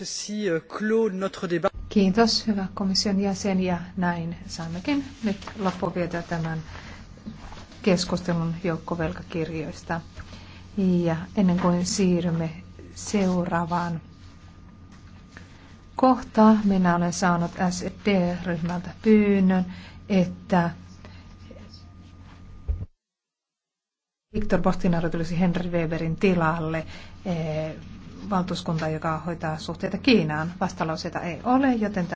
Euh, Kiitos, hyvä komission jäsen, ja näin saammekin nyt loppuvietä tämän keskustelun joukkovelkakirjoista. Ja ennen kuin siirrymme seuraavaan kohtaan, minä olen saanut SD-ryhmältä pyynnön, että Viktor Bostinaro tulisi Henry Weberin tilalle eh, valtuuskunta, joka hoitaa suhteita Kiinaan. Vastalauseita ei ole, joten